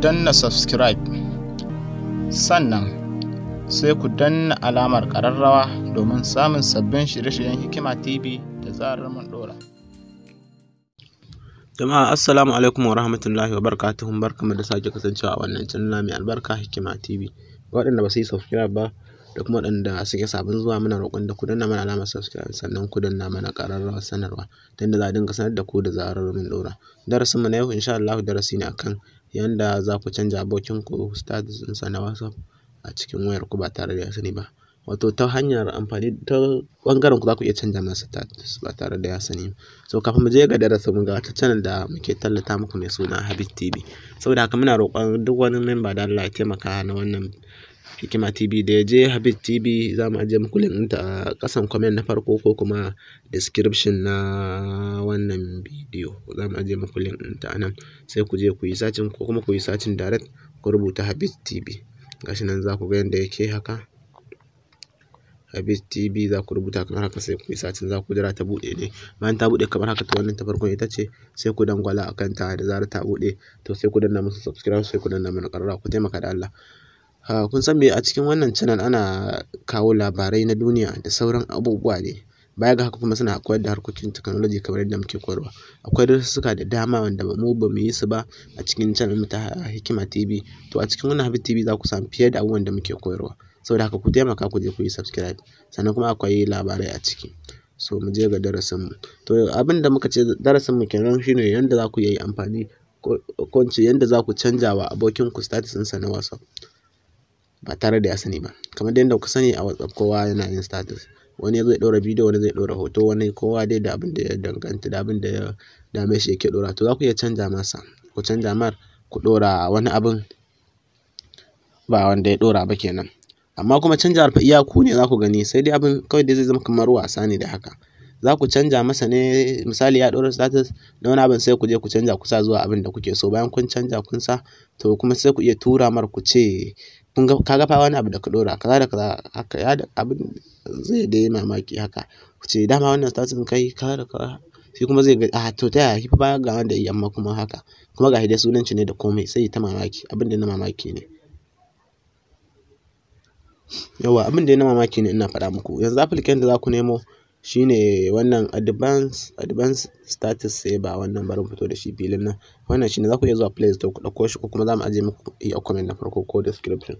danna subscribe sannan sai ku danna alamar ƙararrawa domin samun sabbin shirye-shiryen hikima tv da zarar mun ɗora jama'a assalamu alaikum wa rahmatullahi wa barakatuhun barkamu da sake kasancewa a wannan canna mai albarka hikima tv waɗanda ba su yi subscribe ba da kuma waɗanda suke sabon zuwa muna roƙon da ku danna mana alamar subscribe sannan ku danna mana ƙararrawa sanarwa don da za a dinga sanar da ku da zarar mun darasin mu na yau insha Allah darasi ne akan yanda za ku canja abokinku status ɗinsa na WhatsApp a cikin wayarku ba tare da ya sani ba. Wato ta hanyar amfani ta ɓangaren ku za ku iya canja masa status ba tare da ya sani ba. So kafin mu je ga darasin mu ga wata channel da muke tallata muku mai suna Habib TV. Saboda haka muna roƙon duk wani memba da Allah ya taimaka na wannan Hikima TV da ya je Habib TV za mu ajiye muku link ɗinta a ƙasan comment na farko ko kuma description na wannan bidiyo za mu ajiye muku link ɗinta a nan sai ku je ku yi sacin ko kuma ku yi sacin direct ku rubuta Habib TV gashi nan za ku ga yadda yake haka Habib TV za ku rubuta kamar haka sai ku yi sacin za ku jira ta buɗe ne bayan ta buɗe kamar haka to wannan ta farkon ita ce sai ku dangwala a kanta da zarar ta buɗe to sai ku danna musu subscribe sai ku danna mana ƙararrawa ku taimaka da Allah Ah, kun san me a cikin wannan channel ana kawo labarai na duniya da sauran abubuwa ne. Baya ga haka kuma suna koyar da harkokin technology kamar yadda muke koyarwa. Akwai darussuka da dama wanda mu ba mu yi su ba a cikin channel mu ta Hikima TV. To a cikin wannan Habib TV za ku samu fiye da abubuwan da muke koyarwa. Saboda haka ku taimaka ku je ku yi subscribe. Sannan kuma akwai labarai a ciki. So mu je ga darasin mu. To abin da muka ce darasin mu kenan shine yanda za ku yi amfani ko in yanda za ku canja wa abokin ku status ɗinsa na WhatsApp. ba tare da ya sani ba kamar dai yadda kuka sani a whatsapp kowa yana yin status wani zai ɗora bidiyo wani zai ɗora hoto wani kowa dai da abin da ya danganta da abin da ya dame shi yake ɗora to za ku iya canja masa ku canja mar ku ɗora wani abin ba wanda ya ɗora ba kenan amma kuma canja alfa iya ku ne za ku gani sai dai abin kawai dai zai zama kamar wasa ne da haka za ku canja masa ne misali ya ɗora status na wani abin sai ku je ku canja ku sa zuwa abin da kuke so bayan kun canja kun sa to kuma sai ku iya tura mar ku ce kun ga ka ga fa wani abu da ka dora kaza da kaza haka ya da abin zai dai mamaki haka ce dama wannan status din kai kaza da kaza shi kuma zai ga a ah, to ta yaya ba ga wanda yi amma kuma haka kuma ga dai sunan ne da komai sai ta mamaki abin da na mamaki ne yawa abin da na mamaki ne ina faɗa muku yanzu application da za ku nemo Shi ne wannan advance status sai ba wannan bari fito da shi filin nan wannan shi ne za ku iya zuwa play store ku ɗauko shi ko kuma za mu ajiye muku a comment na farko ko description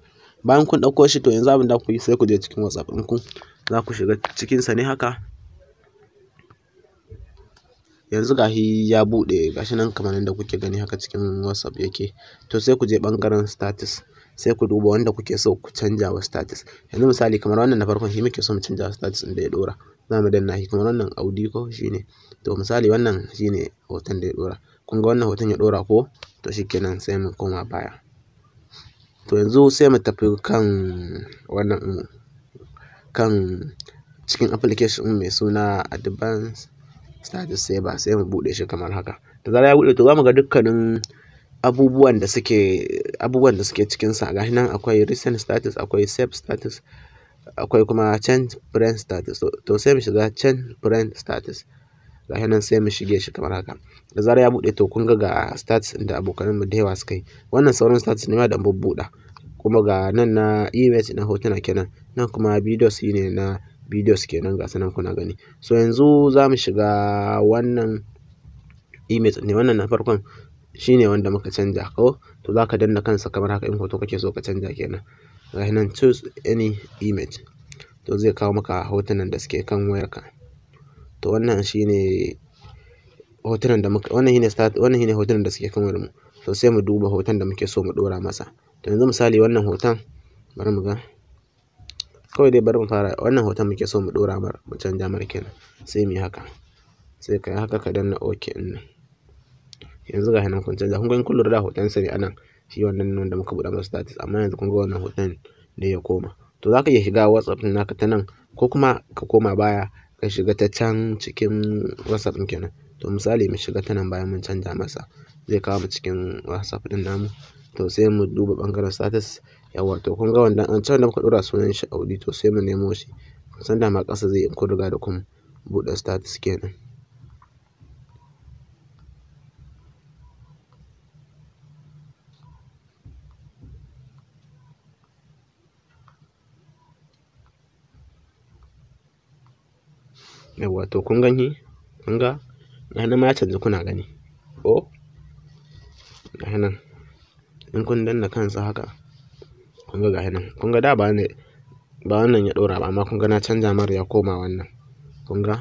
bayan kun ɗauko shi to yanzu abin da ku yi sai ku je cikin whatsapp ɗinku za ku shiga cikin sa ne haka yanzu gashi ya buɗe gashi nan kamar yadda kuke gani haka cikin whatsapp yake to sai ku je ɓangaren status sai ku duba wanda kuke so ku canja wa status yanzu misali kamar wannan na farkon shi muke so mu canja wa status ɗin da ya ɗora za mu danna shi kamar wannan audi ko shine to misali wannan shine hoton da ya dora kun ga wannan hoton ya dora ko to shikenan sai mu koma baya to yanzu sai mu tafi kan wannan kan cikin application mai suna advanced status saver sai mu buɗe shi kamar haka da zarar ya buɗe to za mu ga dukkanin abubuwan da suke abubuwan da suke sa gashi nan akwai recent status akwai save status akwai kuma change brand status to sai mu shiga change brand status gashi nan sai mu shige shi kamar haka da zarar ya bude to kun ga ga status da abokan mu da yawa suka yi wannan sauran status ne ma da bubbuda kuma ga nan na image na hotuna kenan nan kuma videos ne na videos kenan ga sanan kuna gani so yanzu za mu shiga wannan image ne wannan na farkon Shi ne wanda muka canja ko to za ka danna kansa kamar haka in hoto kake so ka canja kenan gashi nan choose any image to zai kawo maka hotunan da suke kan wayarka to wannan ne hotunan da muka wannan shine start wannan shine hotunan da suke kan wayar mu to sai mu duba hoton da muke so mu dora masa to yanzu misali wannan hoton bari mu ga kawai dai bari mu fara wannan hoton muke so mu dora mar mu canja mar kenan sai mu yi haka sai ka haka ka danna ok ɗin nan yanzu ga nan kun canza kun ga in kun lura da hoton sa ne anan shi wannan wanda muka buɗe masa status amma yanzu kun ga wannan hoton ne ya koma to za ka iya shiga whatsapp naka ta nan ko kuma ka koma baya ka shiga ta can cikin whatsapp ɗin kenan to misali mu shiga ta nan bayan mun canja masa zai kawo mu cikin whatsapp ɗin namu to sai mu duba ɓangaren status yawa to kun ga wannan an can da muka dora sunan shi audi to sai mu nemo shi sanda ma ƙasa zai in kun riga da kun buɗe status kenan yawwa to kun gani kun ga gani ma ya canji kuna gani ko oh, gani nan in kun danna kansa haka kun ga gani nan kun ga da ba ne ba wannan ya ɗora ba amma kun ga na canja mara ya koma wannan kun ga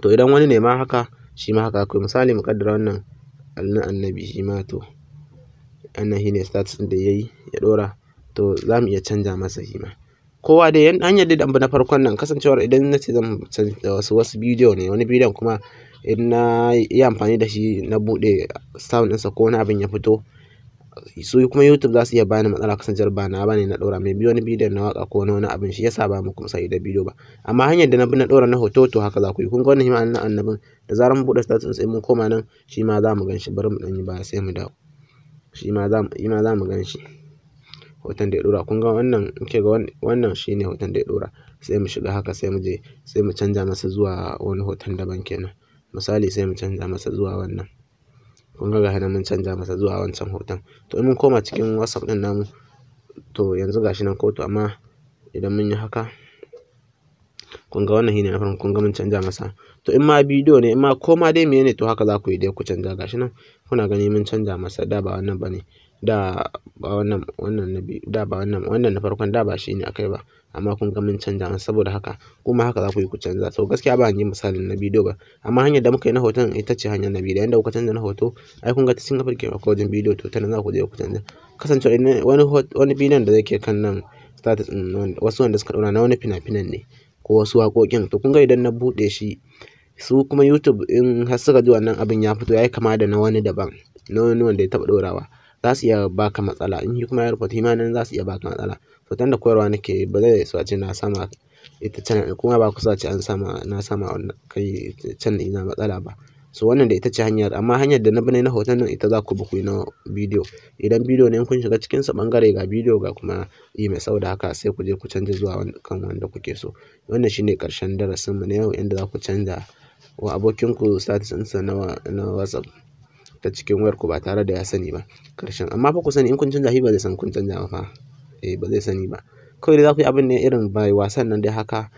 to idan wani ne ma haka shi ma haka akwai misali mu kaddara wannan allon annabi shi ma to wannan ne status ɗin da yi ya ɗora to za mu iya canja masa shi ma kowa dai yan hanyar da na farkon nan kasancewar idan na ce zan wasu wasu bidiyo ne wani bidiyon kuma in na yi amfani da shi na bude sound ɗinsa ko wani abin ya fito su kuma youtube za su iya bani matsala kasancewar ba na bane na ɗora mai biyu wani bidiyo na waka ko na wani abin shi yasa ba muku sai da bidiyo ba amma hanyar da na bi na ɗora na hoto to haka za ku yi kun ga wannan hima na annabin da zarar mu buɗe status sai mun koma nan shi ma za mu gan shi bari mu ɗan yi ba sai mu dawo shi ma za mu gan shi hoton da ya ɗora kun ga wannan in ga wannan shine hoton da ya ɗora sai mu shiga haka sai mu je sai mu canja masa zuwa wani hoton daban kenan misali sai mu canja masa zuwa wannan kun ga gashi mun canja masa zuwa wancan hoton to in mun koma cikin whatsapp ɗin namu to yanzu gashi nan ko to amma idan mun yi haka kun ga wannan shine na farko kun ga mun canja masa to in ma bidiyo ne in ma koma dai dai ne to haka za ku yi dai ku canja gashi nan kuna gani mun canza masa da ba wannan bane da ba wannan wannan na biyu da ba wannan wannan na farkon da ba shine akai ba amma kun ga mun canza masa saboda haka kuma haka za ku yi ku canza to gaskiya ba hanyar misalin na bidiyo ba amma hanyar da muka yi na hoton ita ce hanyar na bidiyo yanda kuka canza na hoto ai kun ga ta singa farke a wajen bidiyo to tana za ku je ku canza kasance wani wani bidiyon da yake kan nan status mm, wasu wanda suka ɗora na wani fina-finan ne ko wasu waƙoƙin to kun ga idan na buɗe shi su kuma youtube in har suka ji wannan abin ya fito ya yi kama da na wani daban na wani wanda ya taba dorawa za su iya baka matsala in shi kuma ya rubuta hima nan za su iya baka matsala to tunda koyarwa nake ba zai so a ce na sama ita channel kuma ba kusa ce an sama na sama wannan kai channel ina matsala ba so wannan da ita ce hanyar amma hanyar da na bane na hoton nan ita za ku bi na bidiyo idan bidiyo ne kun shiga cikin sa bangare ga bidiyo ga kuma yi sau saboda haka sai ku je ku canza zuwa kan wanda kuke so wannan shine karshen darasin mu na yau inda za ku canza wa abokinku status ɗinsa na, na WhatsApp ta cikin wayarku ba tare da ya sani ba ƙarshen amma fa ku sani in kun canza shi ba zai san kun canza ba fa eh ba zai sani ba kawai dai za ku yi abin ne irin bai wasan nan dai haka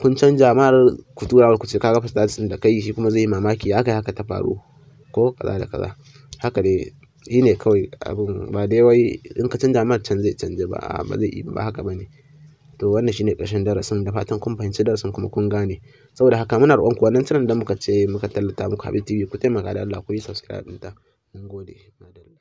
kun canja mar ku tura ku ce ka fa status ɗin da kai shi kuma zai yi mamaki haka haka ta faru ko kaza da kaza haka dai shi ne kawai abin ba dai wai in ka canja mar can zai canja ba ba zai yi ba haka ba ne to wannan shine ƙarshen darasin da fatan kun fahimci darasin kuma kun gane saboda haka muna roƙon ku wannan channel da muka ce muka tallata muku Habib TV ku taimaka da Allah ku yi subscribe ɗinta mun gode madalla